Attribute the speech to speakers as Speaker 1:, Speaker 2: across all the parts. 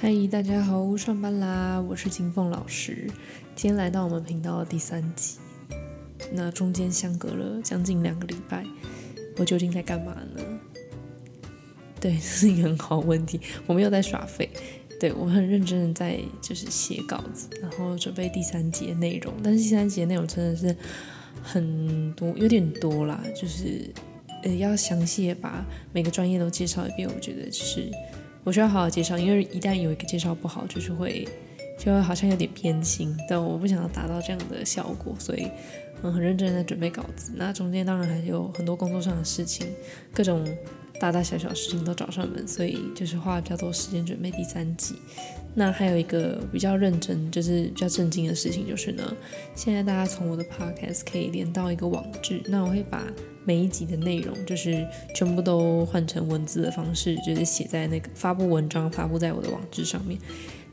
Speaker 1: 嗨，Hi, 大家好，我上班啦！我是金鳳老師，今天來到我們頻道的第三集。那中間相隔了將近兩個禮拜，我究竟在幹嘛呢？對，這是一個很好問題。我沒有在耍廢，對，我很認真的在就是寫稿子，然後準備第三集的內容。但是第三集的內容真的是很多，有點多啦，就是呃要詳細把每個專業都介紹一遍。我覺得就是。我需要好好介紹，因為一旦有一個介紹不好，就是會就會好像有點偏心，但我不想要達到這樣的效果，所以嗯很，很認真地在準備稿子。那中間當然還有很多工作上的事情，各種大大小小的事情都找上門，所以就是花了比較多時間準備第三集。那還有一個比較認真，就是比較震驚的事情，就是呢，現在大家從我的 podcast 可以連到一個網誌，那我會把每一集的內容，就是全部都換成文字的方式，就是寫在那個發布文章，發布在我的網誌上面。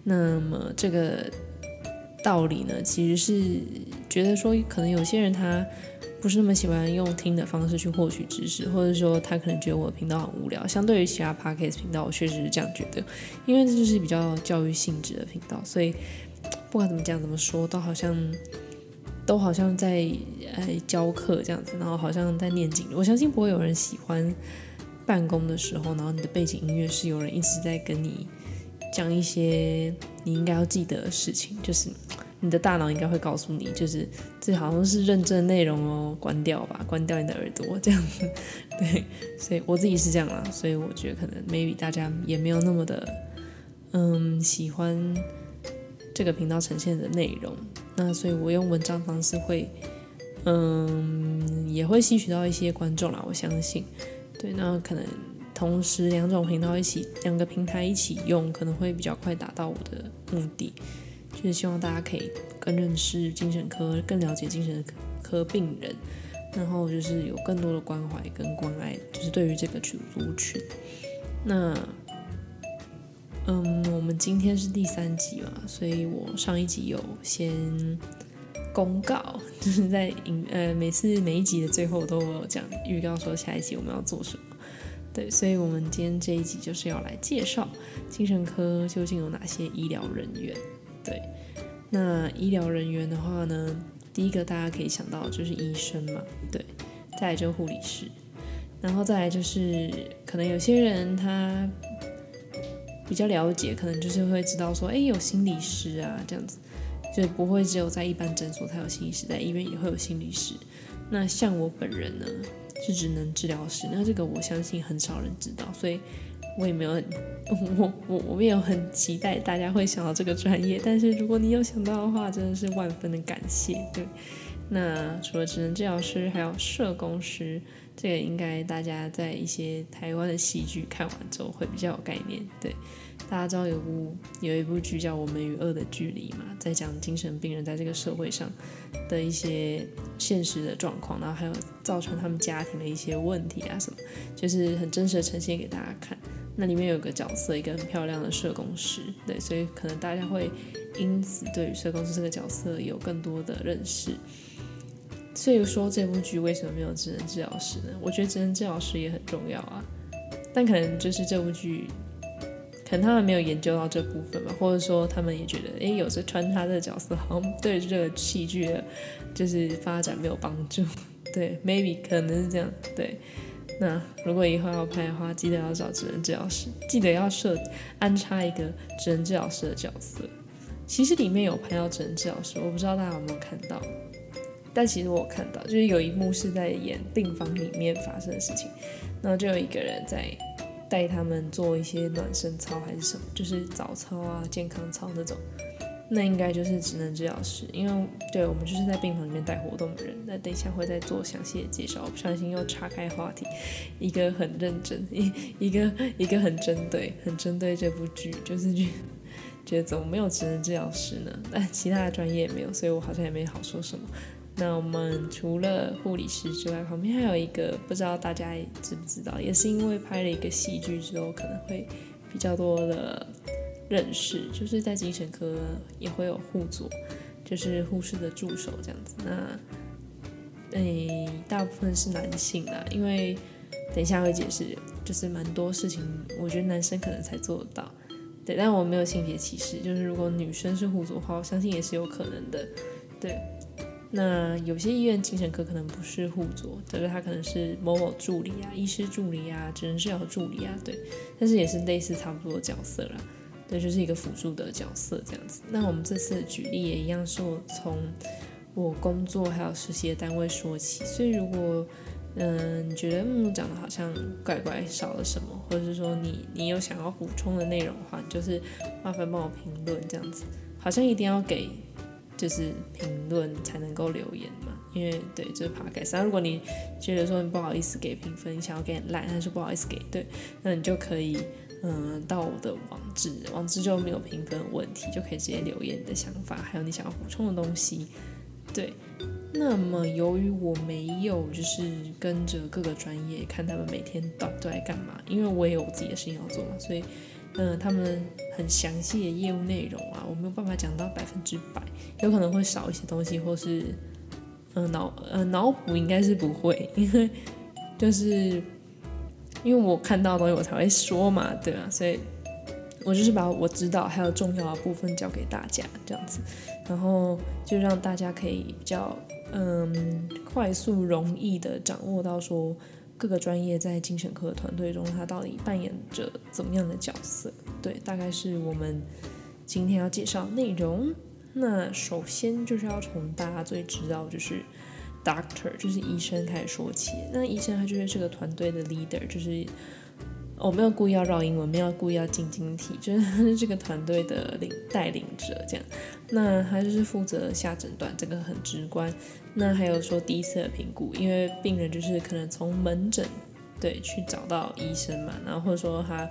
Speaker 1: 那麼這個道理呢，其實是覺得說，可能有些人他。不是那麼喜歡用聽的方式去獲取知識，或者說他可能覺得我的頻道很無聊。相對於其他 Podcast 頻道，我確實是這樣覺得，因為這就是比較教育性質的頻道，所以不管怎麼講、怎麼說，都好像都好像在呃教課這樣子，然後好像在念經。我相信不會有人喜歡辦公的時候，然後你的背景音樂是有人一直在跟你講一些你應該要記得的事情，就是。你的大腦應該會告訴你，就是這好像是認證內容哦，關掉吧，關掉你的耳朵這樣子。對，所以我自己是這樣啦。所以我覺得可能 maybe 大家也沒有那麼的，嗯，喜歡這個頻道呈現的內容。那所以我用文章方式會，嗯，也會吸取到一些觀眾啦。我相信，對，那可能同時兩種頻道一起，兩個平台一起用，可能會比較快達到我的目的。就是希望大家可以更認識精神科，更了解精神科病人，然後就是有更多的關懷跟關愛，就是對於這個族群，群。那，嗯，我們今天是第三集嘛，所以我上一集有先公告，就是在影，呃，每次每一集的最後都有講預告說下一集我們要做什麼，對，所以我們今天這一集就是要來介紹精神科究竟有哪些醫療人員。對，那醫療人員的話呢，第一個大家可以想到就是醫生嘛，對，再來就是護理師，然後再來就是可能有些人他比較了解，可能就是會知道說，哎、欸，有心理師啊這樣子，就不會只有在一般診所才有心理師，在醫院也會有心理師。那像我本人呢，是職能治療師，那這個我相信很少人知道，所以。我也沒有很，我我我沒有很期待大家會想到這個專業，但是如果你有想到的話，真的是萬分的感謝。對，那除了職能治療師，還有社工師。這個應該大家在一些台灣的戲劇看完之後會比較有概念。對，大家知道有部有一部劇叫《我們與惡的距離》嘛，在講精神病人在這個社會上的一些現實的狀況，然後還有造成他們家庭的一些問題啊什麼，就是很真實的呈現給大家看。那裡面有一個角色，一個很漂亮的社工師，對，所以可能大家會因此對於社工師這個角色有更多的認識。所以說這部劇為什麼沒有職能治療師呢？我覺得職能治療師也很重要啊，但可能就是這部劇，可能他們沒有研究到這部分吧，或者說他們也覺得，哎、欸，有時候穿插這個角色好像對這個戲劇的，就是發展沒有幫助，對，maybe 可能是這樣，對。那如果以後要拍的話，記得要找職能治療師，記得要設安插一個職能治療師的角色。其實裡面有拍到職能治療師，我不知道大家有沒有看到，但其實我看到，就是有一幕是在演病房裡面發生的事情，然後就有一個人在帶他們做一些暖身操還是什麼，就是早操啊、健康操那種。那應該就是職能治療師，因為對我們就是在病房裡面帶活動的人。那等一下會再做詳細的介紹。我不小心又岔開話題，一個很認真，一一個一個很針對，很針對這部劇，就是覺得怎麼沒有職能治療師呢？但其他的專業也沒有，所以我好像也沒好說什麼。那我們除了護理師之外，旁邊還有一個不知道大家知不知道，也是因為拍了一個戲劇之後，可能會比較多的。認識就是在精神科也會有護佐，就是護士的助手這樣子。那，誒、哎,大部分是男性啦，因為等一下會解釋，就是蠻多事情，我覺得男生可能才做得到。對，但我沒有性別歧視，就是如果女生是護佐的話，我相信也是有可能的。對，那有些醫院精神科可能不是護佐，就是他可能是某某助理啊、醫師助理啊、職能室的助理啊，對，但是也是類似差不多的角色啦。對，就是一個輔助的角色這樣子。那我們這次的舉例也一樣說，是我從我工作還有實習的單位說起。所以如果嗯、呃、你覺得木木講的好像怪怪，少了什麼，或者是說你你有想要補充的內容的話，你就是麻煩幫我評論這樣子。好像一定要給就是評論才能夠留言嘛，因為對，就是怕給。然、啊、如果你覺得說你不好意思給評分，你想要給爛，但是不好意思給，對，那你就可以，嗯，到我的網址。網址就沒有評分問題，就可以直接留言你的想法，還有你想要補充的東西。對，那麼由於我沒有就是跟着各個專業看他們每天到底都在幹嘛，因為我也有我自己的事情要做嘛，所以，嗯、呃，他們很詳細的業務內容啊，我沒有辦法講到百分之百，有可能會少一些東西，或是，嗯、呃，腦，嗯、呃，腦補應該是不會，因 為就是。因為我看到的東西我才會說嘛，對啊，所以，我就是把我知道還有重要的部分教給大家這樣子，然後就讓大家可以比較嗯快速容易的掌握到說各個專業在精神科團隊中他到底扮演着怎麼樣的角色，對，大概是我們今天要介紹內容。那首先就是要從大家最知道就是。Doctor 就是醫生開始說起，那醫生他就是這個團隊的 leader，就是我、哦、沒有故意要繞英文，沒有故意要晶晶體，就是這個團隊的領帶領者這樣。那他就是負責下診斷，這個很直觀。那還有說第一次的評估，因為病人就是可能從門診對去找到醫生嘛，然後或者說他。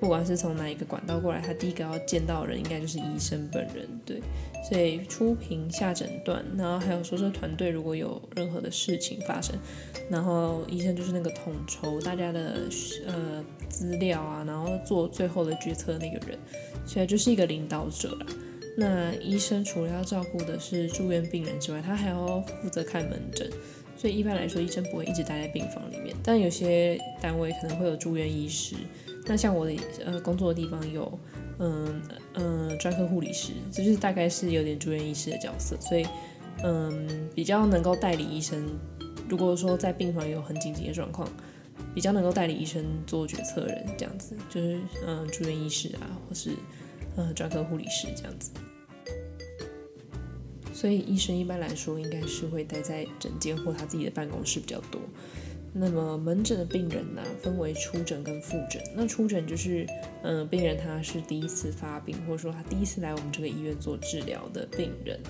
Speaker 1: 不管是從哪一個管道過來，他第一個要見到的人應該就是醫生本人，對，所以初評下診斷，然後還有說說團隊如果有任何的事情發生，然後醫生就是那個統籌大家的呃資料啊，然後做最後的決策的那個人，所以就是一個領導者了。那醫生除了要照顧的是住院病人之外，他還要負責看門診，所以一般來說醫生不會一直待在病房裡面，但有些單位可能會有住院醫師。那像我的呃工作的地方有，嗯嗯專科護理師，就是大概是有點住院醫師的角色，所以嗯比較能夠代理醫生，如果說在病房有很緊急的狀況，比較能夠代理醫生做決策的人這樣子，就是嗯住院醫師啊或是嗯專科護理師這樣子。所以醫生一般來說應該是會待在診間或他自己的辦公室比較多。那麼門診的病人呢、啊，分為初診跟複診。那初診就是，嗯、呃，病人他是第一次發病，或者說他第一次來我們這個醫院做治療的病人，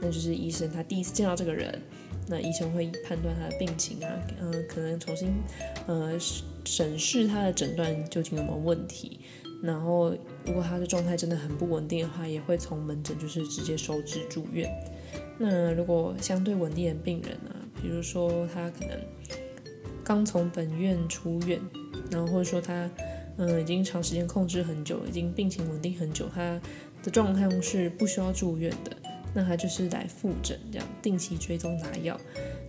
Speaker 1: 那就是醫生他第一次見到這個人，那醫生會判斷他的病情啊，嗯、呃，可能重新，呃，審視他的診斷究竟有沒有問題。然後如果他的狀態真的很不穩定的話，也會從門診就是直接收治住院。那如果相對穩定的病人呢、啊，比如說他可能。剛從本院出院，然後或者說他，嗯，已經長時間控制很久，已經病情穩定很久，他的狀態是不需要住院的。那他就是來複診，這樣定期追蹤拿藥。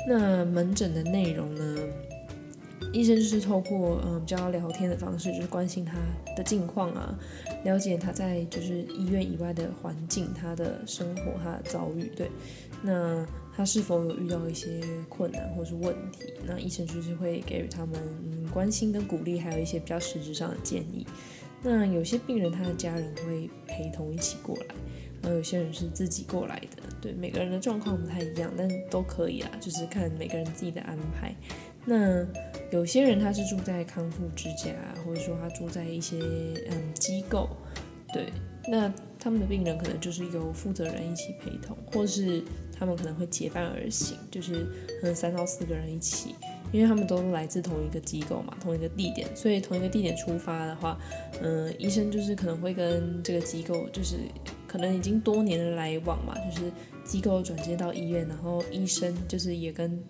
Speaker 1: 那門診的內容呢，醫生就是透過嗯比較聊天的方式，就是關心他的近況啊，了解他在就是醫院以外的環境，他的生活，他的遭遇，對，那。他是否有遇到一些困難或是問題？那醫生就是會給予他們、嗯、關心跟鼓勵，還有一些比較實質上的建議。那有些病人他的家人會陪同一起過來，然後有些人是自己過來的。對，每個人的狀況不太一樣，但都可以啊，就是看每個人自己的安排。那有些人他是住在康復之家，或者說他住在一些嗯機構，對，那他們的病人可能就是由負責人一起陪同，或是他們可能會結伴而行，就是可能三到四個人一起，因為他們都來自同一個機構嘛，同一個地點，所以同一個地點出發的話，嗯、呃，醫生就是可能會跟這個機構就是可能已經多年的來往嘛，就是機構轉接到醫院，然後醫生就是也跟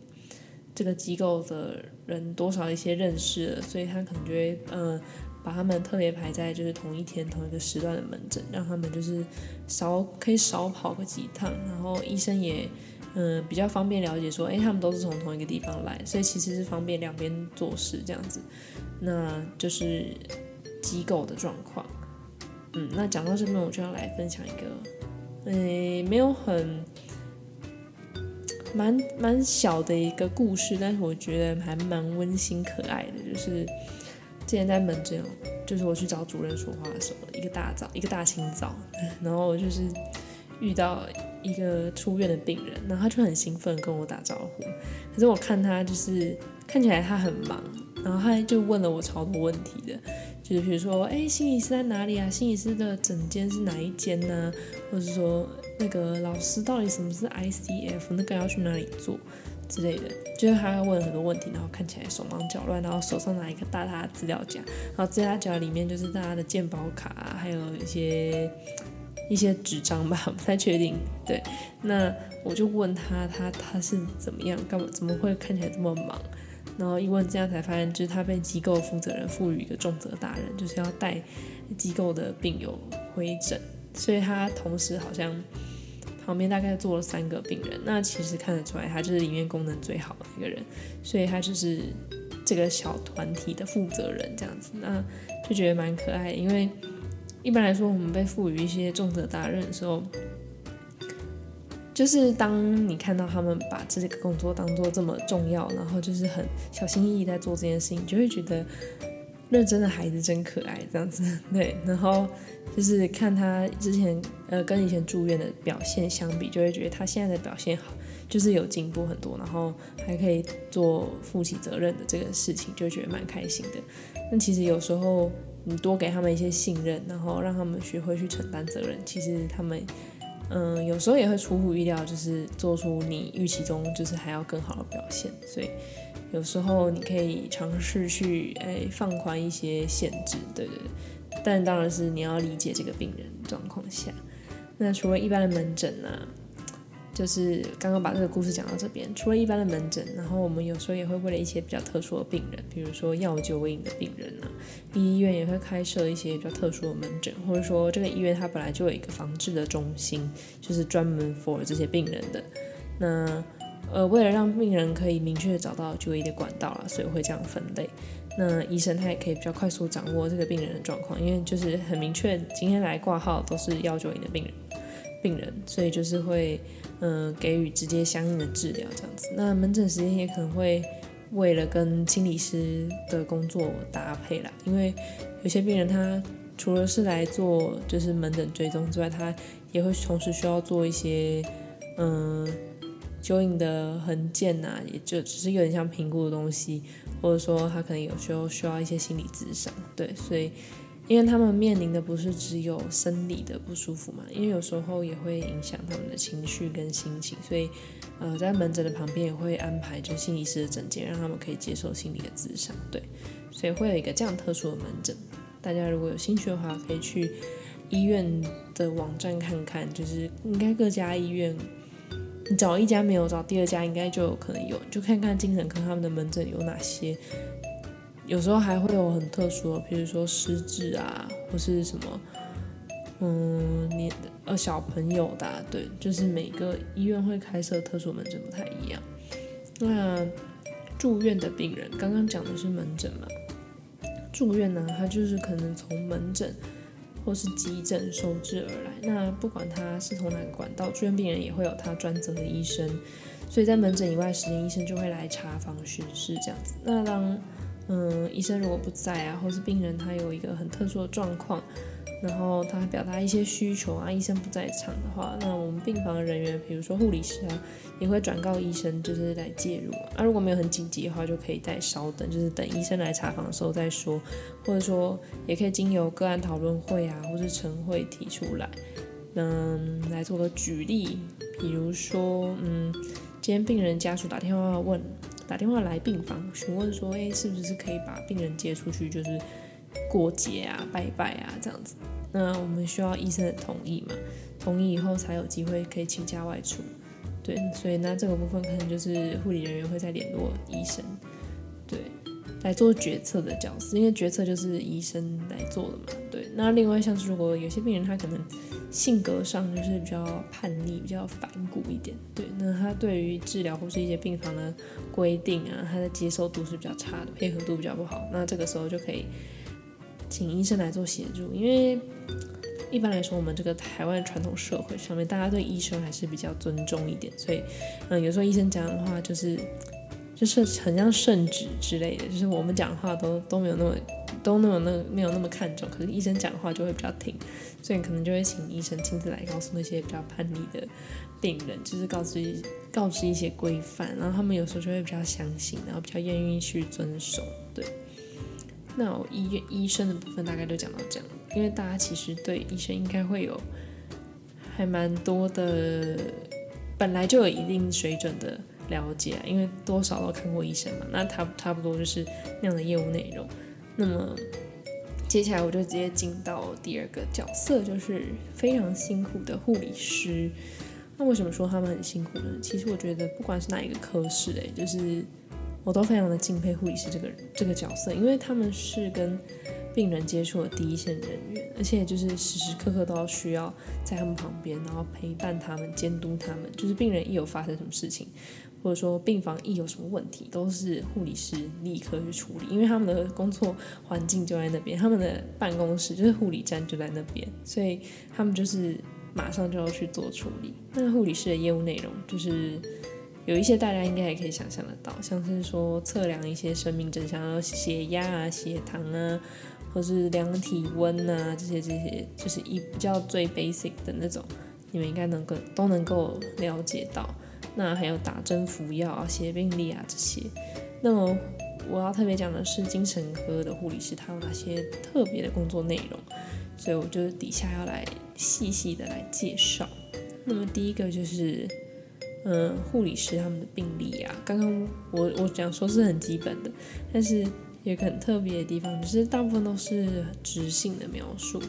Speaker 1: 這個機構的人多少一些認識了，所以他可能就會嗯。呃把他們特別排在就是同一天同一個時段的門診，讓他們就是少可以少跑個幾趟，然後醫生也嗯、呃、比較方便了解說，誒、欸、他們都是從同一個地方來，所以其實是方便兩邊做事這樣子，那就是機構的狀況。嗯，那講到這邊，我就要來分享一個誒、欸，沒有很蠻蠻小的一個故事，但是我覺得還蠻溫馨可愛的，就是。之前在門診哦，就是我去找主任說話的時候，一個大早，一個大清早，然後我就是遇到一個出院的病人，然後他就很興奮跟我打招呼，可是我看他就是看起來他很忙，然後他就問了我超多問題的，就是比如說，哎、欸，心理師在哪裡啊？心理師的診間是哪一間呢？或者是說，那個老師到底什麼是 ICF？那個要去哪裡做？之類的，就是他問了很多問題，然後看起來手忙腳亂，然後手上拿一個大大的資料夾，然後資料夾裡面就是大家的健保卡啊，還有一些一些紙張吧，不太確定。對，那我就問他，他他是怎麼樣，幹嘛怎麼會看起來這麼忙？然後一問這樣才發現，就是他被機構負責人賦予一個重責大任，就是要帶機構的病友回診，所以他同時好像。旁邊大概坐了三個病人，那其實看得出來，他就是裡面功能最好的一個人，所以他就是這個小團體的負責人這樣子，那就覺得蠻可愛的。因為一般來說，我們被賦予一些重責大任的時候，就是當你看到他們把這個工作當做這麼重要，然後就是很小心翼翼在做這件事情，你就會覺得。認真的孩子真可愛，這樣子，對，然後就是看他之前呃跟以前住院的表現相比，就會覺得他現在的表現好，就是有進步很多，然後還可以做負起責任的這個事情，就會覺得蠻開心的。那其實有時候你多給他們一些信任，然後讓他們學會去承擔責任，其實他們嗯、呃、有時候也會出乎意料，就是做出你預期中就是還要更好的表現，所以。有時候你可以嘗試去誒、哎、放寬一些限制，對對對，但當然是你要理解這個病人狀況下。那除了一般的門診呢、啊，就是剛剛把這個故事講到這邊，除了一般的門診，然後我們有時候也會為了一些比較特殊的病人，比如說藥酒癮的病人啊，醫院也會開設一些比較特殊的門診，或者說這個醫院它本來就有一個防治的中心，就是專門 for 這些病人的，那。呃，為了讓病人可以明確找到就醫的管道啦，所以會這樣分類。那醫生他也可以比較快速掌握這個病人的狀況，因為就是很明確，今天來掛號都是要求你的病人，病人，所以就是會嗯、呃、給予直接相應的治療這樣子。那門診時間也可能會為了跟心理師的工作搭配啦，因為有些病人他除了是來做就是門診追蹤之外，他也會同時需要做一些嗯。呃蚯蚓的很鍵吶，也就只是有點像評估的東西，或者說他可能有時候需要一些心理諮商，對，所以因為他們面臨的不是只有生理的不舒服嘛，因為有時候也會影響他們的情緒跟心情，所以呃在門診的旁邊也會安排就是心理師的診間，讓他們可以接受心理的諮商，對，所以會有一個這樣特殊的門診，大家如果有興趣的話，可以去醫院的網站看看，就是應該各家醫院。你找一家沒有，找第二家應該就有可能有，就看看精神科他們的門診有哪些。有時候還會有很特殊的，比如說失智啊，或是什麼，嗯，你呃小朋友的、啊，對，就是每個醫院會開設特殊門診不太一樣。那住院的病人，剛剛講的是門診嘛，住院呢，他就是可能從門診。或是急診收治而來，那不管他是從哪個管道住院，病人也會有他專責的醫生，所以在門診以外時間，醫生就會來查房巡視這樣子。那當，嗯，醫生如果不在啊，或是病人他有一個很特殊的狀況。然後他表達一些需求啊，醫生不在場的話，那我們病房的人員，比如說護理師啊，也會轉告醫生，就是來介入啊。啊，如果沒有很緊急的話，就可以再稍等，就是等醫生來查房的時候再說，或者說也可以經由個案討論會啊，或是晨會提出來。嗯，來做個舉例，比如說，嗯，今天病人家屬打電話問，打電話來病房詢問說，誒，是不是是可以把病人接出去？就是，過節啊，拜拜啊，這樣子，那我們需要醫生的同意嘛？同意以後才有機會可以請假外出，對。所以那這個部分可能就是護理人員會再聯絡醫生，對，來做決策的角色，因為決策就是醫生來做的嘛，對。那另外，像是如果有些病人他可能性格上就是比較叛逆、比較反骨一點，對。那他對於治療或是一些病房的規定啊，他的接受度是比較差的，配合度比較不好，那這個時候就可以。請醫生來做協助，因為一般來說，我們這個台灣傳統社會上面，大家對醫生還是比較尊重一點，所以，嗯，有時候醫生講的話就是就是很像聖旨之類的，就是我們講話都都沒有那麼都那麼那沒有那麼看重，可是醫生講的話就會比較聽，所以可能就會請醫生親自來告訴那些比較叛逆的病人，就是告知告知一些規範，然後他們有時候就會比較相信，然後比較願意去遵守，對。那我醫院醫生的部分大概就講到這樣，因為大家其實對醫生應該會有還蠻多的，本來就有一定水準的了解，啊，因為多少都看過醫生嘛。那他差差不多就是那樣的業務內容。那麼接下來我就直接進到第二個角色，就是非常辛苦的護理師。那為什麼說他們很辛苦呢？其實我覺得不管是哪一個科室，誒，就是。我都非常的敬佩護理師這個人這個角色，因為他們是跟病人接觸的第一線人員，而且就是時時刻刻都要需要在他們旁邊，然後陪伴他們、監督他們。就是病人一有發生什麼事情，或者說病房一有什麼問題，都是護理師立刻去處理，因為他們的工作環境就在那邊，他們的辦公室就是護理站就在那邊，所以他們就是馬上就要去做處理。那護理師的業務內容就是。有一些大家應該也可以想象得到，像是說測量一些生命徵象，像血壓啊、血糖啊，或是量體溫啊，這些這些就是一比較最 basic 的那種，你們應該能夠都能夠了解到。那還有打針服藥啊、寫病歷啊這些。那麼我要特別講的是精神科的護理師，他有哪些特別的工作內容，所以我就底下要來細細的來介紹。那麼第一個就是。嗯，護理師他們的病歷啊，剛剛我我講說是很基本的，但是有個很特別的地方，就是大部分都是直性的描述。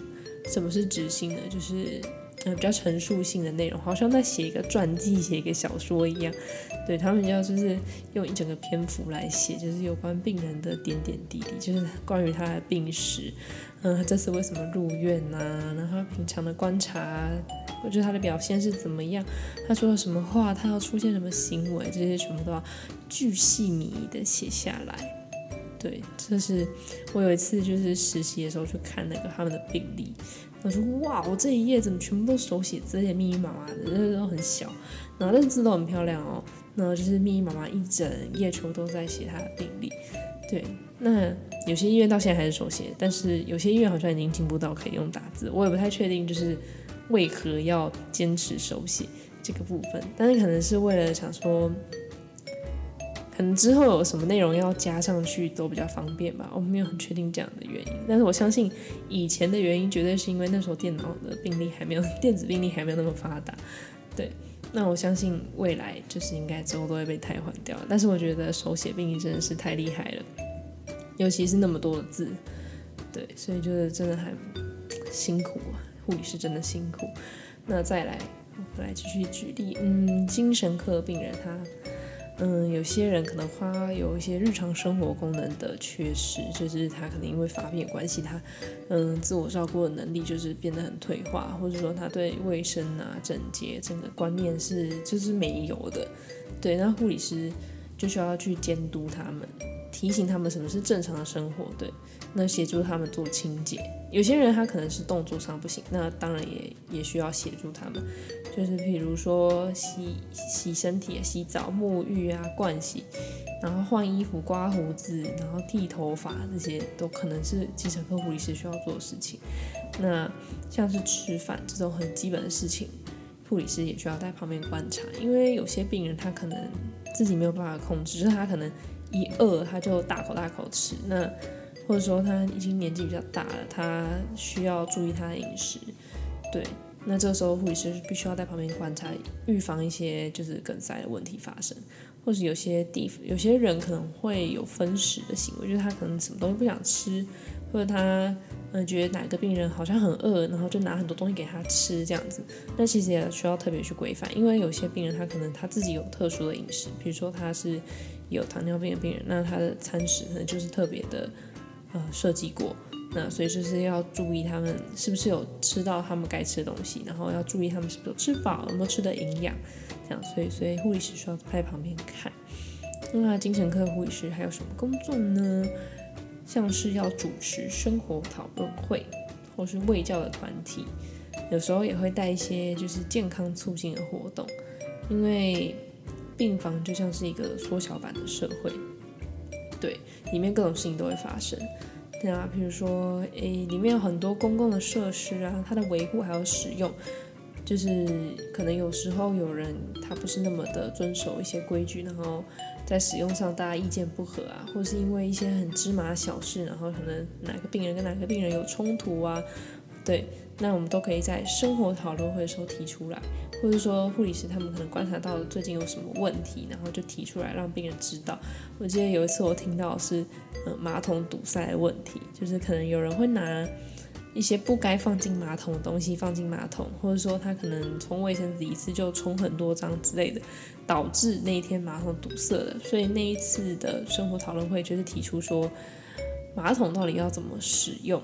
Speaker 1: 什麼是直性呢？就是。嗯，比較陳述性的內容，好像在寫一個傳記，寫一個小說一樣。對，他們要就是用一整個篇幅來寫，就是有關病人的點點滴滴，就是關於他的病史，嗯，這次為什麼入院吶、啊？然後平常的觀察，我覺得他的表現是怎麼樣，他說了什麼話，他要出現什麼行為，這些全部都要巨細靡遺地寫下來。對，這是我有一次就是實習的時候去看那個他們的病歷。我說哇，我這一頁怎麼全部都手寫字，而且密密麻麻的，字都很小，然後字都很漂亮哦。然後就是密密麻麻一整頁，全部都在寫他的病歷。對，那有些醫院到現在還是手寫，但是有些醫院好像已經進步到可以用打字。我也不太確定，就是為何要堅持手寫這個部分，但是可能是為了想說。可能之後有什麼內容要加上去都比較方便吧，我沒有很確定這樣的原因。但是我相信以前的原因絕對是因為那時候電腦的病歷還沒有電子病歷還沒有那麼發達。對，那我相信未來就是應該之後都會被汰換掉。但是我覺得手寫病歷真的是太厲害了，尤其是那麼多的字。對，所以就是真的還辛苦啊，護理師真的辛苦。那再來，我們來繼續舉例，嗯，精神科病人他，嗯，有些人可能花有一些日常生活功能的缺失，就是他可能因為發病有關係，他嗯自我照顧的能力就是變得很退化，或者說他對衛生啊、整潔這個觀念是就是沒有的。對，那護理師就需要去監督他們。提醒他們什麼是正常的生活，對，那協助他們做清潔。有些人他可能是動作上不行，那當然也也需要協助他們。就是譬如說洗洗身體、洗澡、沐浴、浴啊、盥洗，然後換衣服、刮鬍子、然後剃頭髮，這些都可能是精神科護理師需要做的事情。那像是吃飯這種很基本的事情，護理師也需要在旁邊觀察，因為有些病人他可能自己沒有辦法控制，就是他可能。一餓他就大口大口吃，那或者說他已經年紀比較大了，他需要注意他的飲食，對，那這時候護理師是必須要在旁邊觀察，預防一些就是梗塞的問題發生，或是有些地有些人可能會有分食的行為，就是他可能什麼東西不想吃，或者他嗯覺得哪個病人好像很餓，然後就拿很多東西給他吃這樣子，那其實也需要特別去規範，因為有些病人他可能他自己有特殊的飲食，比如說他是。有糖尿病的病人，那他的餐食可能就是特別的，呃，設計過。那所以就是要注意他們是不是有吃到他們該吃的東西，然後要注意他們是不是有吃飽了，有沒有吃的營養，這樣。所以，所以護理師需要在旁邊看。那精神科護理師還有什麼工作呢？像是要主持生活討論會，或是衛教的團體，有時候也會帶一些就是健康促進的活動，因為。病房就像是一個縮小版的社會，對，裡面各種事情都會發生，對啊，比如說誒，裡面有很多公共的設施啊，它的維護還有使用，就是可能有時候有人他不是那麼的遵守一些規矩，然後在使用上大家意見不合啊，或者是因為一些很芝麻的小事，然後可能哪個病人跟哪個病人有衝突啊。對，那我們都可以在生活討論會的時候提出來，或者說護理師他們可能觀察到最近有什麼問題，然後就提出來讓病人知道。我記得有一次我聽到是，呃，馬桶堵塞的問題，就是可能有人會拿一些不該放進馬桶的東西放進馬桶，或者說他可能沖衛生紙一次就沖很多張之類的，導致那一天馬桶堵塞了。所以那一次的生活討論會就是提出說，馬桶到底要怎麼使用？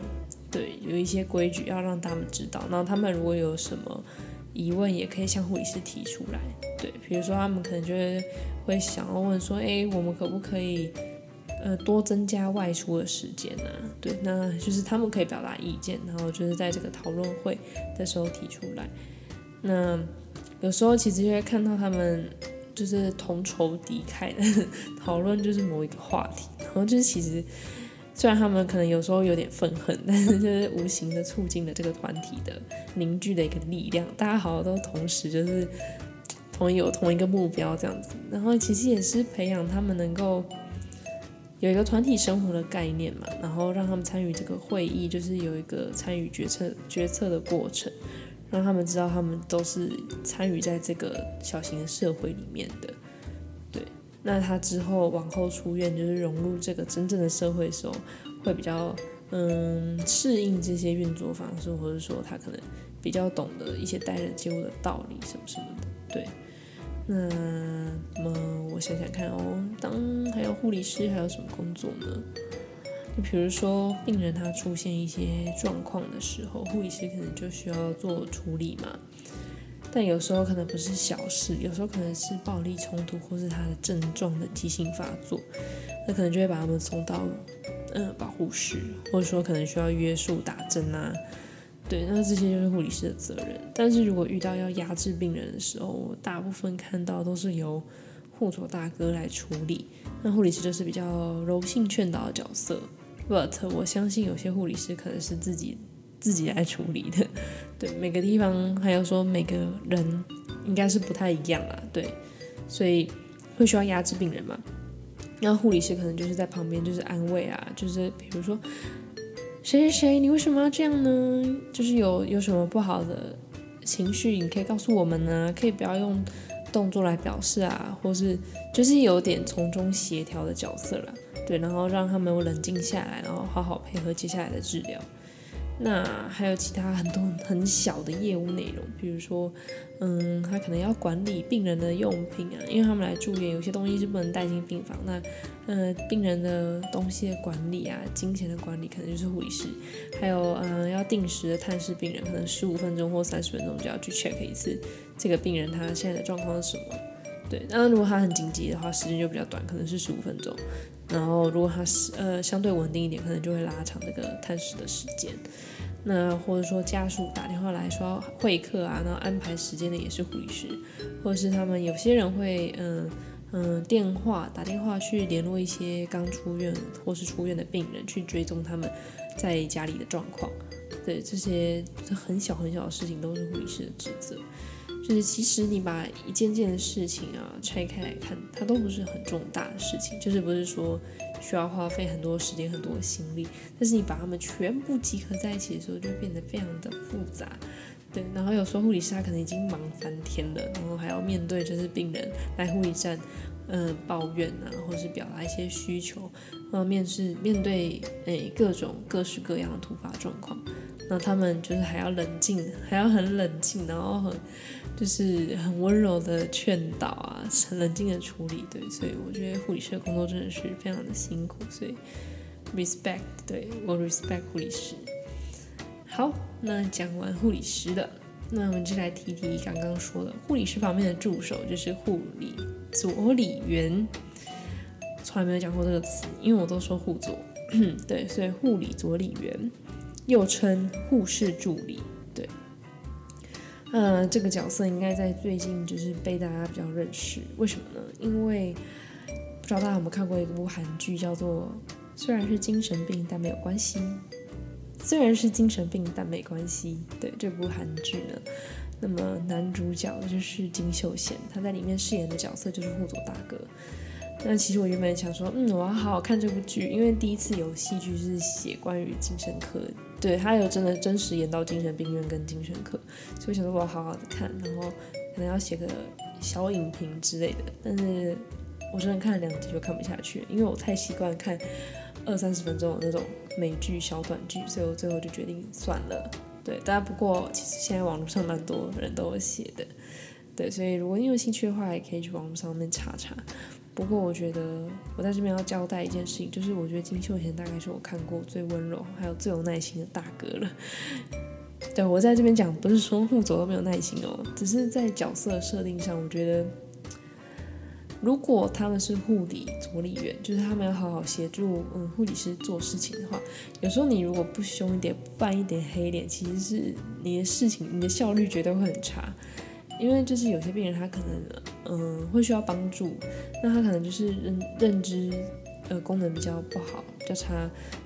Speaker 1: 對，有一些規矩要讓他們知道。那他們如果有什麼疑問，也可以向護理師提出來。對，比如說他們可能就會會想要問說，哎，我們可不可以呃多增加外出的時間呢、啊？對，那就是他們可以表達意見，然後就是在這個討論會的時候提出來。那有時候其實就會看到他們就是同仇敵愾的討論，就是某一個話題，然後就是其實。雖然他們可能有時候有點憤恨，但是就是無形的促進了這個團體的凝聚的一個力量。大家好像都同時就是同有同一個目標這樣子，然後其實也是培養他們能夠有一個團體生活的概念嘛。然後讓他們參與這個會議，就是有一個參與決策決策的過程，讓他們知道他們都是參與在這個小型的社會裡面的。那他之後往後出院，就是融入這個真正的社會的時候，會比較嗯適應這些運作方式，或者說他可能比較懂得一些待人接物的道理什麼什麼的。對，那麼我想想看哦、喔，當還有護理師還有什麼工作呢？你比如說病人他出現一些狀況的時候，護理師可能就需要做處理嘛。但有時候可能不是小事，有時候可能是暴力衝突，或是他的症狀的急性發作，那可能就會把他們送到嗯、呃、保護室，或者說可能需要約束、打針啊，對，那這些就是護理師的責任。但是如果遇到要壓制病人的時候，我大部分看到都是由護佐大哥來處理，那護理師就是比較柔性勸導的角色。But 我相信有些護理師可能是自己。自己來處理的，對，每個地方還有說每個人應該是不太一樣啊，對，所以會需要壓制病人嘛，那護理師可能就是在旁邊就是安慰啊，就是比如說誰誰誰，你為什麼要這樣呢？就是有有什麼不好的情緒，你可以告訴我們啊，可以不要用動作來表示啊，或是就是有點從中協調的角色啦，對，然後讓他們冷靜下來，然後好好配合接下來的治療。那還有其他很多很，很小的業務內容，比如說，嗯，他可能要管理病人的用品啊，因為他們來住院，有些東西是不能帶進病房。那，呃，病人的東西的管理啊，金錢的管理，可能就是護理師。還有，嗯、呃，要定時的探視病人，可能十五分鐘或三十分鐘就要去 check 一次，這個病人他現在的狀況是什麼？對，那如果他很緊急的話，時間就比較短，可能是十五分鐘。然後，如果他是呃相對穩定一點，可能就會拉長這個探視的時間。那或者說家屬打電話來說會客啊，然後安排時間的也是護理師，或者是他們有些人會嗯嗯、呃呃、電話，打電話去聯絡一些剛出院或是出院的病人，去追蹤他們在家裡的狀況。對，這些很小很小的事情，都是護理師的職責。就是其實你把一件件的事情啊拆開來看，它都不是很重大的事情，就是不是說需要花費很多時間、很多心力。但是你把它們全部集合在一起的時候，就變得非常的複雜。對，然後有時候護理師他可能已經忙翻天了，然後還要面對就是病人來護理站，嗯、呃，抱怨啊，或者是表達一些需求，然後面試面對誒各種各式各樣的突發狀況，那他們就是還要冷靜，還要很冷靜，然後很。就是很溫柔的勸導啊，很冷靜的處理，對，所以我覺得護理師的工作真的是非常的辛苦，所以 respect 對，我 respect 護理師。好，那講完護理師了，那我們就來提提剛剛說的護理師旁邊的助手，就是護理佐理員，從來沒有講過這個詞，因為我都說護佐， 對，所以護理佐理員又稱護士助理。嗯、呃，這個角色應該在最近就是被大家比較認識。為什麼呢？因為不知道大家有沒有看過一個部韓劇，叫做《雖然是精神病但沒有關係》。雖然是精神病但沒關係。對，這部韓劇呢，那麼男主角就是金秀賢，他在裡面飾演的角色就是護佐大哥。那其實我原本想說，嗯，我要好好看這部劇，因為第一次有戲劇是寫關於精神科。對，他有真的真實演到精神病院跟精神科，所以想說我要好好的看，然後可能要寫個小影評之類的。但是我真的看了兩集就看不下去，因為我太習慣看二三十分鐘的那種美劇小短劇，所以我最後就決定算了。對，但不過其實現在網絡上蠻多人都有寫的，對，所以如果你有興趣的話，也可以去網絡上面查查。不過我覺得我在這邊要交代一件事情，就是我覺得金秀賢大概是我看過最溫柔還有最有耐心的大哥了。 對，我在這邊講，不是說護佐都沒有耐心哦，只是在角色設定上，我覺得如果他們是護理佐理員，就是他們要好好協助嗯護理師做事情的話，有時候你如果不凶一點、扮一點黑臉，其實是你的事情、你的效率絕對會很差，因為就是有些病人他可能。嗯，會需要幫助，那他可能就是認認知，呃，功能比較不好，比較差。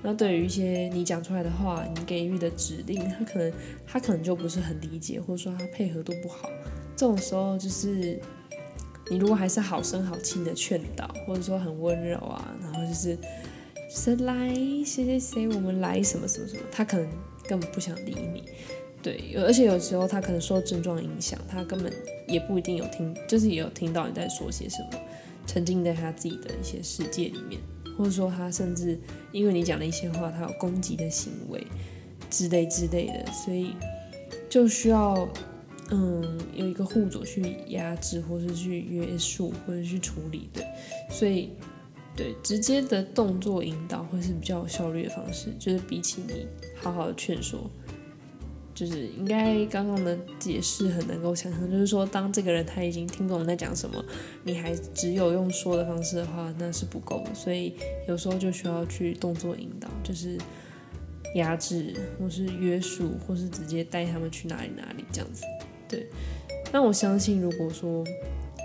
Speaker 1: 然後對於一些你講出來的話，你給予的指令，他可能他可能就不是很理解，或者說他配合度不好。這種時候就是，你如果還是好聲好氣的勸導，或者說很溫柔啊，然後就是就來誰誰誰，謝謝我們來什麼什麼什麼，他可能根本不想理你。對，而且有時候他可能受症狀影響，他根本也不一定有聽，就是也有聽到你在說些什麼，沉浸在他自己的一些世界裡面，或者說他甚至因為你講的一些話，他有攻擊的行為之類之類的，所以就需要嗯有一個護佐去壓制，或是去約束，或者去處理，對，所以對直接的動作引導會是比較有效率的方式，就是比起你好好的勸說。就是應該剛剛的解釋很能夠想象，就是說當這個人他已經聽懂我在講什麼，你還只有用說的方式的話，那是不夠的。所以有時候就需要去動作引導，就是壓制或是約束，或是直接帶他們去哪裡哪裡這樣子。對，那我相信如果說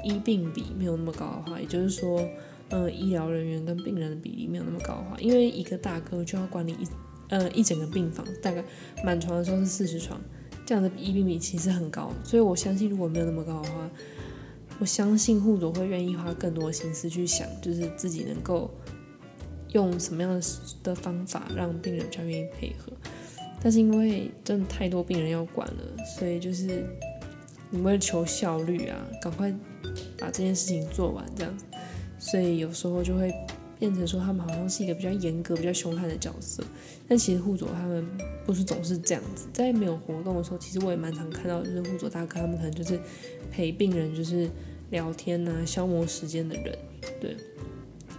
Speaker 1: 醫病比沒有那麼高的話，也就是說，嗯、呃，醫療人員跟病人的比例沒有那麼高的話，因為一個大哥就要管理一。呃、嗯，一整個病房大概滿床的時候是四十床，這樣的比例嘛，其實很高，所以我相信如果沒有那麼高的話，我相信護佐會願意花更多心思去想，就是自己能夠用什麼樣的的方法讓病人比較願意配合。但是因為真的太多病人要管了，所以就是你為了求效率啊，趕快把這件事情做完這樣，所以有時候就會。變成說他們好像是一個比較嚴格、比較兇悍的角色，但其實護佐他們不是總是這樣子。在沒有活動的時候，其實我也蠻常看到，就是護佐大哥他們可能就是陪病人就是聊天啊，消磨時間的人。對，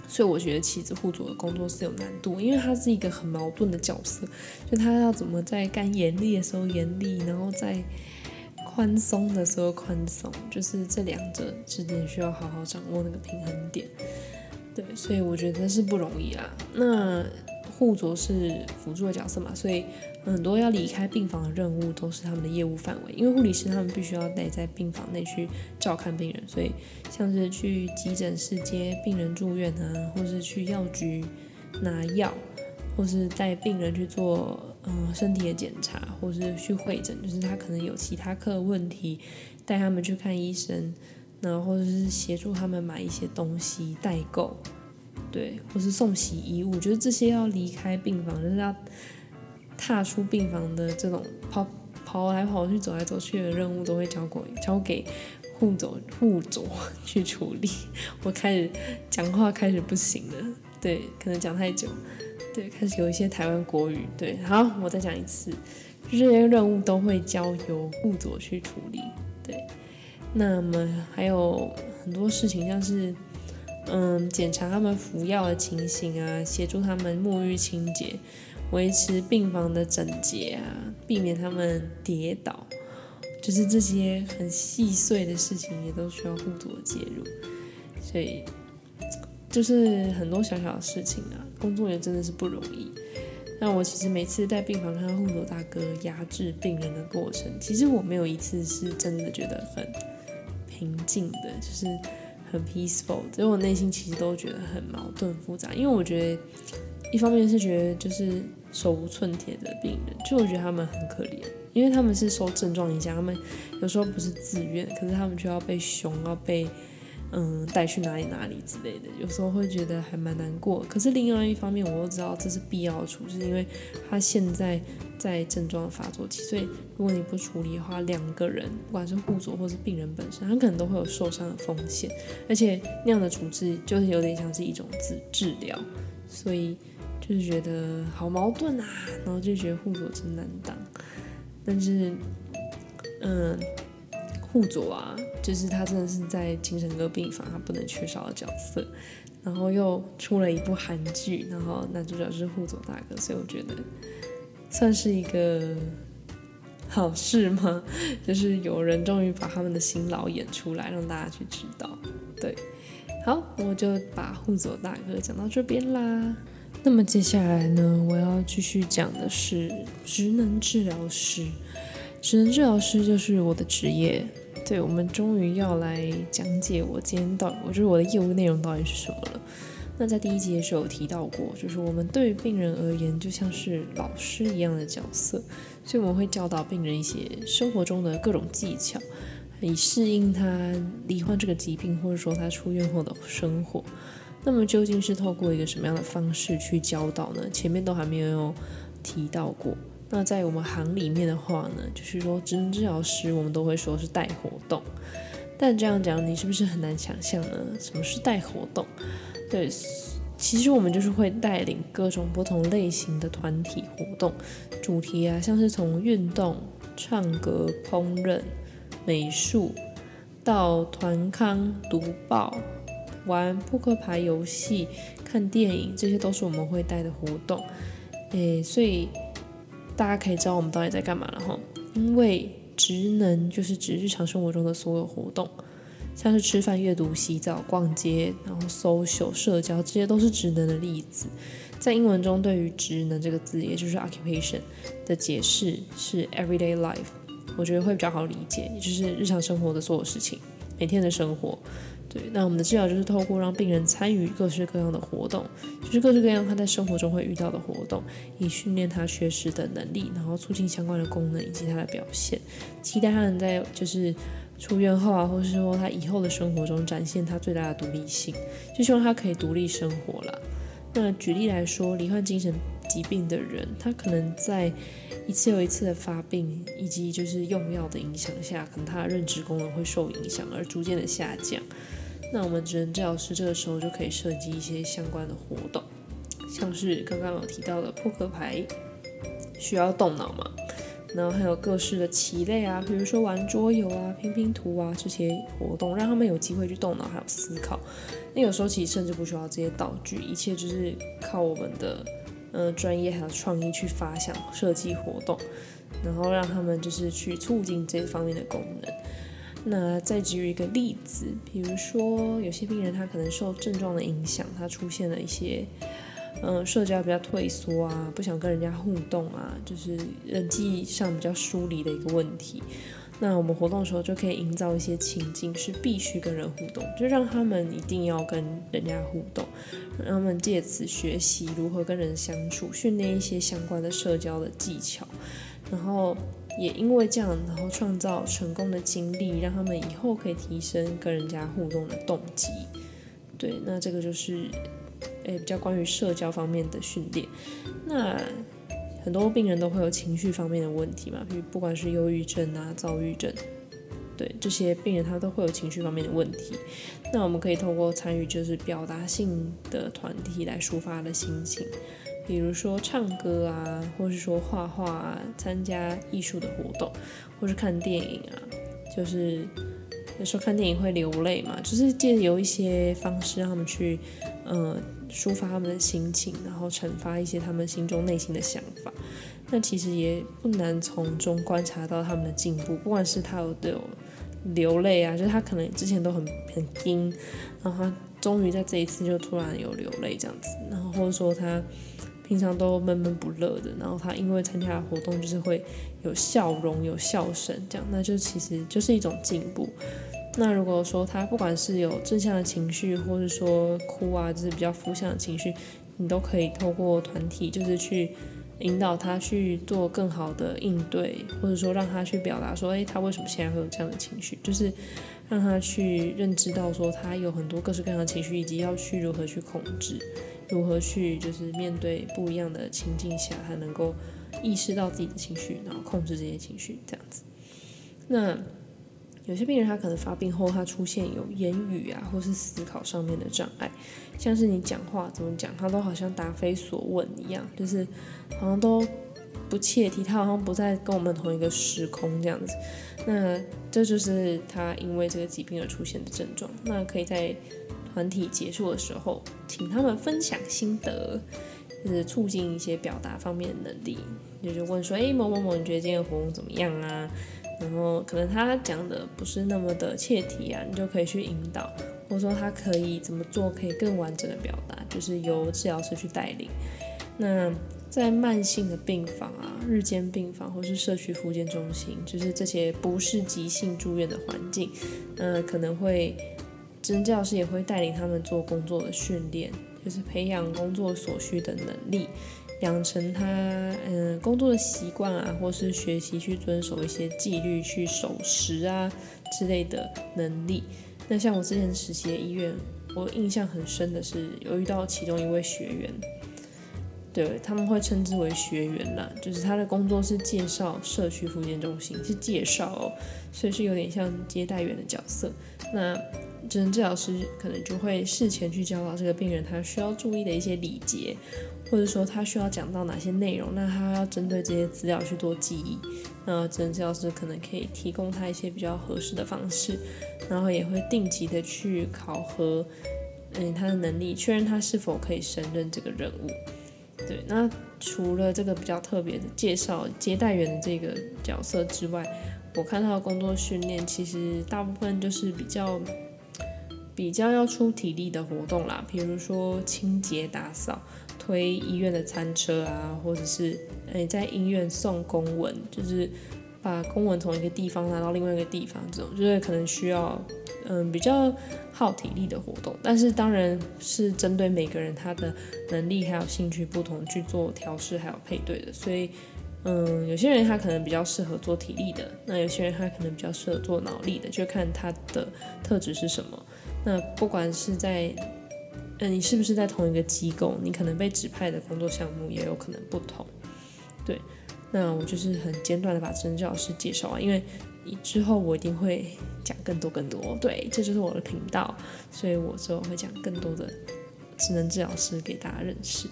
Speaker 1: 所以我覺得其實護佐的工作是有難度，因為他是一個很矛盾的角色，就他要怎麼在該嚴厲的時候嚴厲，然後在寬鬆的時候寬鬆，就是這兩者之間需要好好掌握那個平衡點。對，所以我覺得是不容易啊。那護士是輔助的角色嘛，所以很多要離開病房的任務都是他們的業務範圍。因為護理師他們必須要待在病房內去照看病人，所以像是去急診室接病人住院啊，或是去藥局拿藥，或是帶病人去做嗯、呃、身體的檢查，或是去會診，就是他可能有其他科問題，帶他們去看醫生。然後就是協助他們買一些東西代購，對，或是送洗衣物，我覺得這些要離開病房，就是要踏出病房的這種跑跑來跑去、走來走去的任務，都會交給交給護走護佐去處理。我開始講話開始不行了，對，可能講太久，對，開始有一些台灣國語，對，好，我再講一次，就是這些任務都會交由護佐去處理，對。那麼還有很多事情，像是，嗯，檢查他們服藥的情形啊，協助他們沐浴清潔，維持病房的整潔啊，避免他們跌倒，就是這些很細碎的事情也都需要護佐的介入，所以就是很多小小的事情啊，工作人員真的是不容易。那我其實每次在病房看到護佐大哥壓制病人的過程，其實我沒有一次是真的覺得很。平靜的，就是很 peaceful。所以我內心其實都覺得很矛盾、很複雜。因為我覺得，一方面是覺得就是手無寸鐵的病人，就我覺得他們很可憐，因為他們是受症狀影響，他們有時候不是自願，可是他們卻要被凶，要被。嗯，帶去哪裡哪裡之類的，有時候會覺得還蠻難過。可是另外一方面，我又知道這是必要的處置，因為他現在在症狀的發作期，所以如果你不處理的話，兩個人不管是護佐或是病人本身，他可能都會有受傷的風險。而且那樣的處置就是有點像是一種治治療，所以就是覺得好矛盾啊。然後就覺得護佐真難當，但是，嗯。護佐啊，就是他真的是在精神科病房他不能缺少的角色，然後又出了一部韓劇，然後男主角是護佐大哥，所以我覺得算是一個好事嗎？就是有人終於把他們的辛勞演出來讓大家去知道。對，好，我就把護佐大哥講到這邊啦。那麼接下來呢，我要繼續講的是職能治療師。職能治療師就是我的職業。對，我們終於要來講解我今天到，我覺得我的業務內容到底是什麼了。那在第一集也是有提到過，就是我們對於病人而言，就像是老師一樣的角色，所以我們會教導病人一些生活中的各種技巧，以適應他罹患這個疾病，或者說他出院後的生活。那麼究竟是透過一個什麼樣的方式去教導呢？前面都還沒有提到過。那在我們行裡面的話呢，就是說，職能治療師我們都會說是帶活動，但這樣講你是不是很難想象呢？什麼是帶活動？對，其實我們就是會帶領各種不同類型的團體活動，主題啊，像是從運動、唱歌、烹飪、美術，到團康、讀報、玩撲克牌遊戲、看電影，這些都是我們會帶的活動。誒，所以。大家可以知道我們到底在幹嘛了吼，因為職能就是指日常生活中的所有活動，像是吃飯、閱讀、洗澡、逛街，然後 social 社交，這些都是職能的例子。在英文中，對於職能這個字，也就是 occupation 的解釋是 everyday life，我覺得會比較好理解，也就是日常生活的所有事情，每天的生活。對，那我們的治療就是透過讓病人參與各式各樣的活動，就是各式各樣他在生活中會遇到的活動，以訓練他缺失的能力，然後促進相關的功能以及他的表現，期待他能在就是出院後啊，或是說他以後的生活中展現他最大的獨立性，就希望他可以獨立生活了。那舉例來說，罹患精神疾病的人，他可能在一次又一次的發病以及就是用藥的影響下，可能他的認知功能會受影響而逐漸的下降。那我們職能治療師這個時候就可以設計一些相關的活動，像是剛剛有提到的撲克牌，需要動腦嘛？然後還有各式的棋類啊，比如說玩桌遊啊、拼拼圖啊這些活動，讓他們有機會去動腦還有思考。那有時候其實甚至不需要這些道具，一切就是靠我們的嗯、呃、專業還有創意去發想設計活動，然後讓他們就是去促進這方面的功能。那再舉一個例子，比如說有些病人他可能受症狀的影響，他出現了一些，嗯、呃，社交比較退縮啊，不想跟人家互動啊，就是人際上比較疏離的一個問題。那我們活動的時候就可以營造一些情境，是必須跟人互動，就讓他們一定要跟人家互動，讓他們借此學習如何跟人相處，訓練一些相關的社交的技巧，然後，也因為這樣，然後創造成功的經歷，讓他們以後可以提升跟人家互動的動機。對，那這個就是，誒、欸，比較關於社交方面的訓練。那很多病人都會有情緒方面的問題嘛，比如不管是憂鬱症啊、躁鬱症，對，這些病人他都會有情緒方面的問題。那我們可以透過參與就是表達性的團體來抒發的心情。比如說唱歌啊，或是說畫畫啊，參加藝術的活動，或是看電影啊，就是有時候看電影會流淚嘛，就是借由一些方式讓他們去，嗯，呃，抒發他們的心情，然後懲罰一些他們心中內心的想法。那其實也不難從中觀察到他們的進步，不管是他有對我流淚啊，就是他可能之前都很很硬，然後他終於在這一次就突然有流淚這樣子，然後或者說他，經常都悶悶不樂的，然後他因為參加的活動就是會有笑容、有笑聲這樣，那就其實就是一種進步。那如果說他不管是有正向的情緒，或是說哭啊，就是比較負向的情緒，你都可以透過團體，就是去引導他去做更好的應對，或者說讓他去表達說，誒、欸，他為什麼現在會有這樣的情緒？就是。讓他去認知到，說他有很多各式各樣的情緒，以及要去如何去控制，如何去就是面對不一樣的情境下，他能夠意識到自己的情緒，然後控制這些情緒，這樣子。那有些病人他可能發病後，他出現有言語啊，或是思考上面的障礙，像是你講話怎麼講，他都好像答非所問一樣，就是好像都。不切題，他好像不再跟我們同一個時空這樣子，那這就是他因為這個疾病而出現的症狀。那可以在團體結束的時候，請他們分享心得，就是促進一些表達方面的能力。就是問說，誒、欸，某某某，你覺得今天活動怎麼樣啊？然後可能他講的不是那麼的切題啊，你就可以去引導，或者說他可以怎麼做，可以更完整的表達，就是由治療師去帶領。那。在慢性的病房啊，日間病房或是社區復健中心，就是這些不是急性住院的環境，呃可能會真教師也會帶領他們做工作的訓練，就是培養工作所需的能力，養成他嗯、呃、工作的習慣啊，或是學習去遵守一些紀律，去守時啊之類的能力。那像我之前實習的醫院，我印象很深的是有遇到其中一位學員。對他們會稱之為學員啦，就是他的工作是介紹社區復健中心，是介紹，哦。所以是有點像接待員的角色。那職能治療師可能就會事前去教導這個病人，他需要注意的一些禮節，或者說他需要講到哪些內容，那他要針對這些資料去做記憶。那職能治療師可能可以提供他一些比較合適的方式，然後也會定期的去考核，嗯，他的能力，確認他是否可以勝任這個任務。對，那除了這個比較特別的介紹接待員的這個角色之外，我看他的工作訓練其實大部分就是比較比較要出體力的活動啦，比如說清潔打掃、推醫院的餐車啊，或者是哎在醫院送公文，就是把公文從一個地方拿到另外一個地方，這種就是可能需要。嗯，比較耗體力的活動，但是當然是針對每個人他的能力還有興趣不同去做調適還有配對的，所以，嗯，有些人他可能比較適合做體力的，那有些人他可能比較適合做腦力的，就看他的特質是什麼。那不管是在，嗯、呃，你是不是在同一個機構，你可能被指派的工作項目也有可能不同。對，那我就是很簡短的把職治老師介紹完，因為你之後我一定會。講更多更多，對，這就是我的頻道，所以我之後會講更多的職能治療師給大家認識。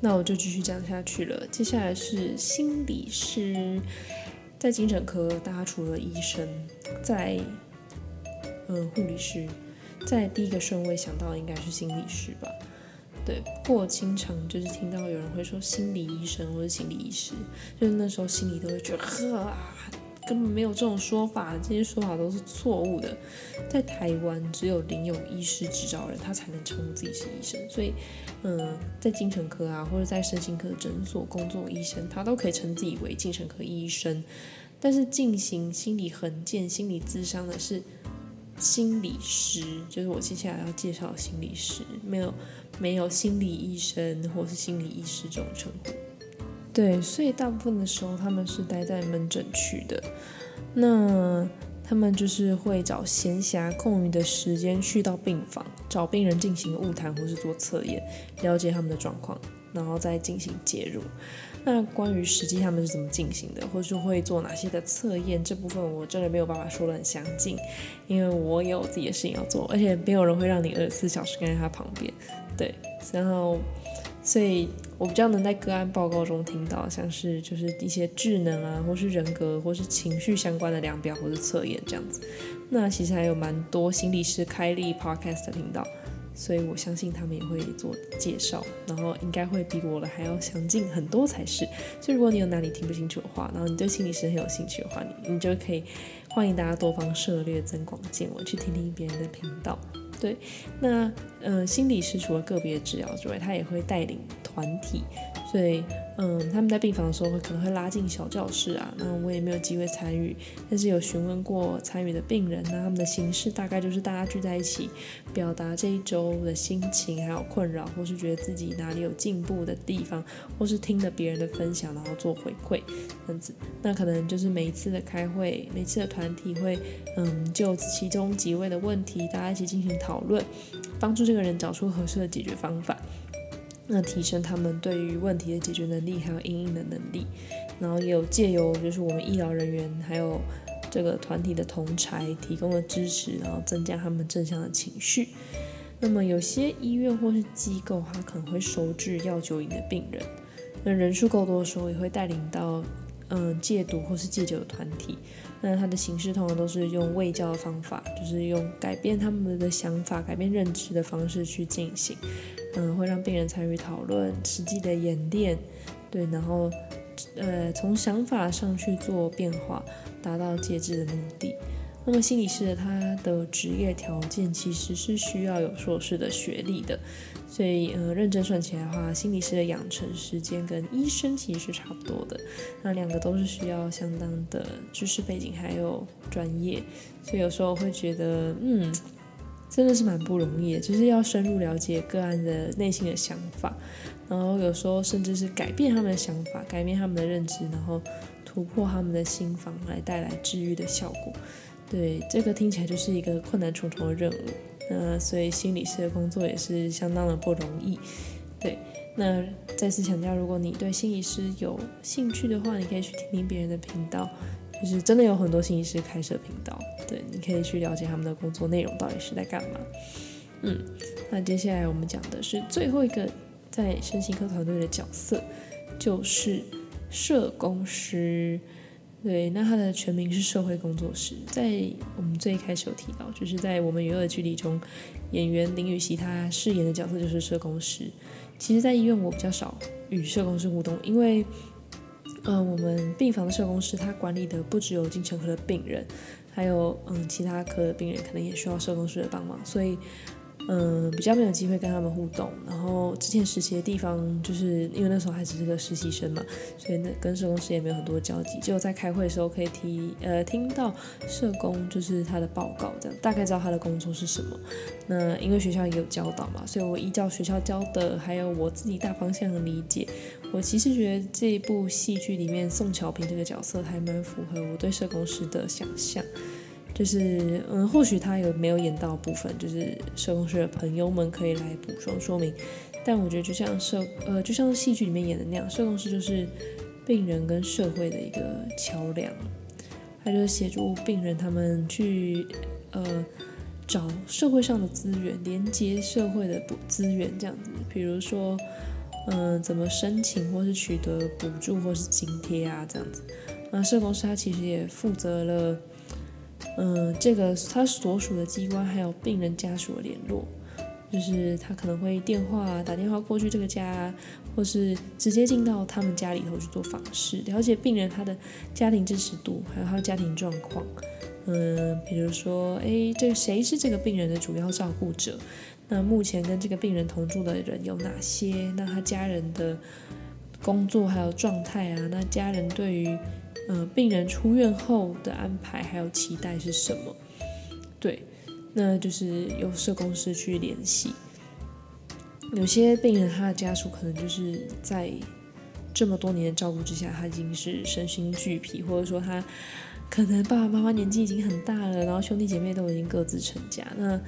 Speaker 1: 那我就繼續講下去了。接下來是心理師，在精神科，大家除了醫生，在嗯、呃、護理師，在第一個順位想到的應該是心理師吧？對，不過經常就是聽到有人會說心理醫生或是心理醫師，就是那時候心裡都會覺得，呵啊。根本沒有這種說法，這些說法都是錯誤的。在台灣，只有領有醫師執照的人，他才能稱呼自己是醫生。所以，嗯，在精神科啊，或者在身心科診所工作的醫生，他都可以稱自己為精神科醫生。但是，進行心理衡鑑、心理諮商，的是心理師，就是我接下來要介紹的心理師，沒有沒有心理醫生或是心理醫師這種稱呼。對，所以大部分的時候他們是待在門診區的，那他們就是會找閒暇空餘的時間去到病房找病人進行晤談或是做測驗，了解他們的狀況，然後再進行介入。那關於實際他們是怎麼進行的，或是會做哪些的測驗這部分，我真的沒有辦法說得很詳盡，因為我有自己的事情要做，而且沒有人會讓你二十四小時跟在他旁邊。對，然後。所以我比較能在個案報告中聽到，像是就是一些智能啊，或是人格，或是情緒相關的量表或是測驗這樣子。那其實還有蠻多心理師開立 podcast 的頻道，所以我相信他們也會做介紹，然後應該會比我的還要詳盡很多才是。就如果你有哪裡聽不清楚的話，然後你對心理師很有興趣的話，你你就可以歡迎大家多方涉獵、增廣見聞，去聽聽別人的頻道。對，那嗯、呃，心理師除了個別治療之外，他也會帶領團體。對，嗯，他們在病房的時候會可能會拉進小教室啊，那我也沒有機會參與，但是有詢問過參與的病人，那他們的形式大概就是大家聚在一起，表達這一週的心情，還有困擾，或是覺得自己哪裡有進步的地方，或是聽了別人的分享，然後做回饋，這樣子。那可能就是每一次的開會，每一次的團體會，嗯，就其中幾位的問題，大家一起進行討論，幫助這個人找出合適的解決方法。那提升他們對於問題的解決能力，還有因應的能力，然後也有借由就是我們醫療人員還有這個團體的同儕提供的支持，然後增加他們正向的情緒。那麼有些醫院或是機構，它可能會收治藥酒癮的病人，那人數夠多的時候，也會帶領到嗯戒毒或是戒酒的團體。那它的形式通常都是用衛教的方法，就是用改變他們的想法、改變認知的方式去進行，嗯，會讓病人參與討論、實際的演練，對，然後，呃，從想法上去做變化，達到節制的目的。那麼，心理師的他的職業條件其實是需要有碩士的學歷的。所以，呃，認真算起來的話，心理師的養成時間跟醫生其實是差不多的。那兩個都是需要相當的知識背景，還有專業。所以有時候會覺得，嗯，真的是蠻不容易的，就是要深入了解個案的內心的想法，然後有時候甚至是改變他們的想法，改變他們的認知，然後突破他們的心防，來帶來治癒的效果。對，這個聽起來就是一個困難重重的任務。那、呃、所以心理師的工作也是相當的不容易。對，那再次強調，如果你對心理師有興趣的話，你可以去聽聽別人的頻道，就是真的有很多心理師開設頻道。對，你可以去了解他們的工作內容到底是在幹嘛。嗯，那接下來我們講的是最後一個在身心科團隊的角色，就是社工師。對，那他的全名是社會工作師。在我們最開始有提到，就是在我們《與惡的距離》中，演員林予晞她飾演的角色就是社工師。其實，在醫院我比較少與社工師互動，因為，呃，我們病房的社工師他管理的不只有精神科的病人，還有嗯、呃、其他科的病人可能也需要社工師的幫忙，所以。嗯，比較沒有機會跟他們互動。然後之前實習的地方，就是因為那時候還只是個實習生嘛，所以那跟社工師也沒有很多交集，只有在開會的時候可以提，呃，聽到社工就是他的報告，這樣大概知道他的工作是什麼。那因為學校也有教導嘛，所以我依照學校教的，還有我自己大方向的理解，我其實覺得這一部戲劇裡面宋喬平這個角色還蠻符合我對社工師的想象。就是嗯，或許他有沒有演到部分，就是社工師的朋友們可以來補充說明。但我覺得，就像社呃，就像戲劇裡面演的那樣，社工師就是病人跟社會的一個橋梁，他就是協助病人他們去呃找社會上的資源，連接社會的資源這樣子。比如說，嗯、呃，怎麼申請或是取得補助或是津貼啊這樣子。那、啊、社工師他其實也負責了。嗯，這個他所屬的機關還有病人家屬的聯絡，就是他可能會電話打電話過去這個家，或是直接進到他們家裡頭去做訪視，了解病人他的家庭支持度，還有他的家庭狀況。嗯，比如說，誒，這誰是這個病人的主要照顧者？那目前跟這個病人同住的人有哪些？那他家人的工作還有狀態啊？那家人對於？嗯、呃，病人出院後的安排還有期待是什麼？對，那就是由社工師去聯繫。有些病人他的家屬可能就是在這麼多年的照顧之下，他已經是身心俱疲，或者說他可能爸爸媽媽年紀已經很大了，然後兄弟姐妹都已經各自成家，那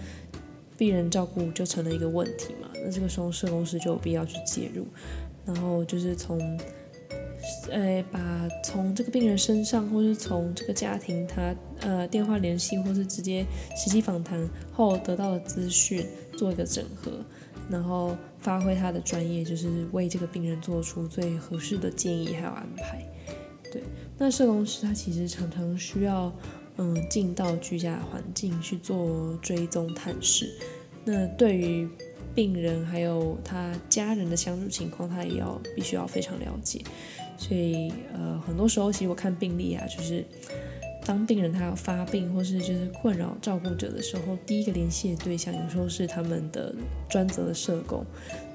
Speaker 1: 病人照顧就成了一個問題嘛，那這個時候社工師就有必要去介入，然後就是從。呃，把從這個病人身上，或是從這個家庭他呃電話聯繫，或是直接實際訪談後得到的資訊做一個整合，然後發揮他的專業，就是為這個病人做出最合適的建議還有安排。對，那社工師他其實常常需要嗯進到居家環境去做追蹤探視，那對於病人還有他家人的相處情況，他也要必須要非常了解。所以，呃，很多時候其實我看病歷啊，就是當病人他要發病，或是就是困擾照顧者的時候，第一個聯繫的對象有時候是他們的專責的社工。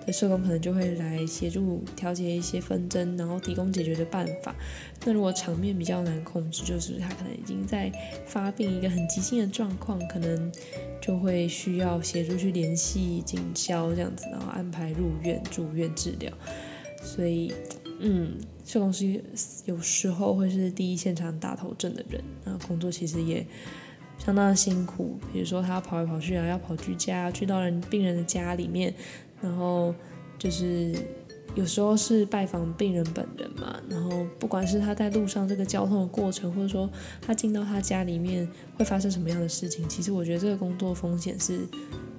Speaker 1: 的社工可能就會來協助調節一些紛爭，然後提供解決的辦法。那如果場面比較難控制，就是他可能已經在發病一個很急性的狀況，可能就會需要協助去聯繫警消這樣子，然後安排入院住院治療。所以。嗯，社工師有時候會是第一現場打頭陣的人，然後工作其實也相當的辛苦。比如說他要跑來跑去，然後要跑居家，去到人病人的家裡面，然後就是有時候是拜訪病人本人嘛。然後不管是他在路上這個交通的過程，或者說他進到他家裡面會發生什麼樣的事情，其實我覺得這個工作風險是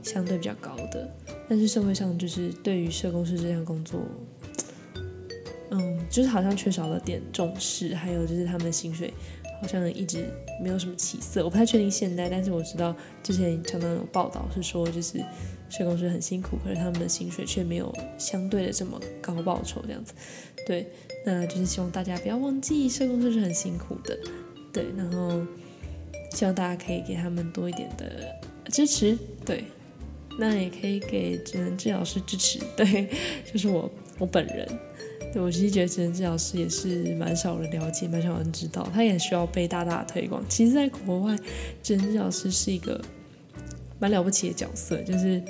Speaker 1: 相對比較高的。但是社會上就是對於社工師這項工作。嗯，就是好像缺少了點重視，還有就是他們的薪水好像一直沒有什麼起色。我不太確定現在，但是我知道之前常常有報道是說，就是社工是很辛苦，可是他們的薪水卻沒有相對的這麼高報酬這樣子。對，那就是希望大家不要忘記社工是很辛苦的。對，然後希望大家可以給他們多一點的支持。對，那也可以給職能治療師支持。對，就是我我本人。對，我其實覺得職能治療師也是蠻少人了解，蠻少人知道，他也需要被大大的推廣。其實，在國外，職能治療師是一個蠻了不起的角色，就是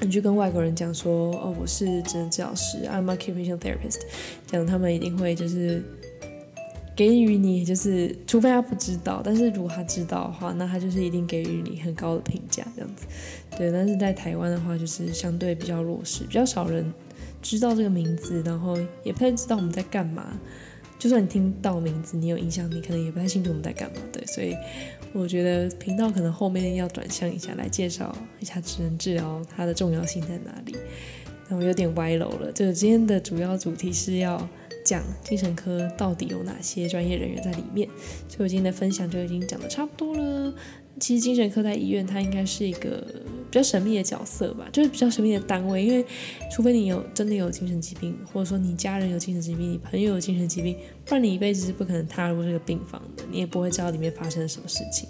Speaker 1: 你去跟外國人講說，哦，我是職能治療師，I'm an occupational therapist，講他們一定會就是給予你，就是除非他不知道，但是如果他知道的話，那他就是一定給予你很高的評價這樣子。對，但是在台灣的話，就是相對比較弱勢，比較少人。知道這個名字，然後也不太知道我們在幹嘛。就算你聽到名字，你有印象，你可能也不太清楚我們在幹嘛，對。所以我覺得頻道可能後面要轉向一下，來介紹一下職能治療它的重要性在哪裡。那我有點歪樓了，就是今天的主要主題是要講精神科到底有哪些專業人員在裡面。所以我今天的分享就已經講得差不多了。其實精神科在醫院，它應該是一個比較神秘的角色吧，就是比較神秘的單位。因為，除非你有真的有精神疾病，或者說你家人有精神疾病，你朋友有精神疾病，不然你一輩子是不可能踏入這個病房的，你也不會知道裡面發生了什麼事情。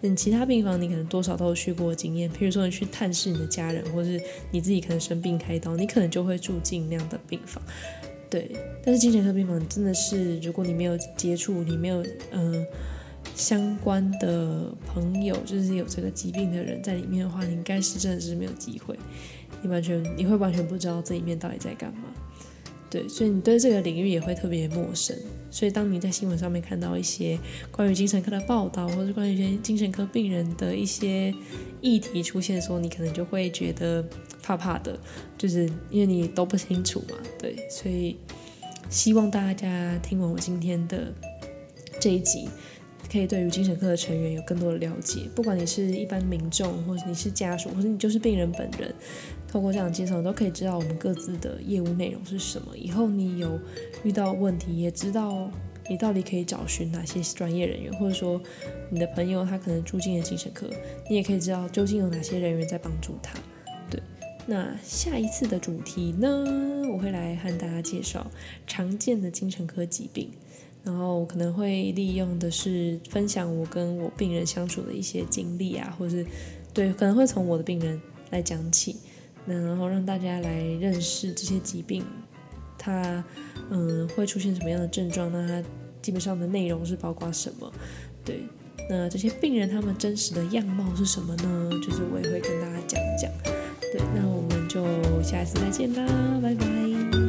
Speaker 1: 那你其他病房你可能多少都有去過的經驗，譬如說你去探視你的家人，或者是你自己可能生病開刀，你可能就會住進那樣的病房。對，但是精神科病房真的是，如果你沒有接觸，你沒有，嗯、呃。相關的朋友，就是有這個疾病的人在裡面的話，你應該是真的是沒有機會，你完全你會完全不知道這裡面到底在幹嘛，對，所以你對這個領域也會特別陌生，所以當你在新聞上面看到一些關於精神科的報道，或是關於一些精神科病人的一些議題出現的時候，你可能就會覺得怕怕的，就是因為你都不清楚嘛，對，所以希望大家聽完我今天的這一集。可以對於精神科的成員有更多的了解，不管你是一般民眾，或者你是家屬，或者你就是病人本人，透過這樣的介紹，你都可以知道我們各自的業務內容是什麼。以後你有遇到問題，也知道你到底可以找尋哪些專業人員，或者說你的朋友他可能住進了精神科，你也可以知道究竟有哪些人員在幫助他。對，那下一次的主題呢，我會來和大家介紹常見的精神科疾病。然後我可能會利用的是分享我跟我病人相處的一些經歷啊，或者是對，可能會從我的病人來講起，那然後讓大家來認識這些疾病，它嗯，呃，會出現什麼樣的症狀？那它基本上的內容是包括什麼？對，那這些病人他們真實的樣貌是什麼呢？就是我也會跟大家講講。對，那我們就下一次再見啦，拜拜。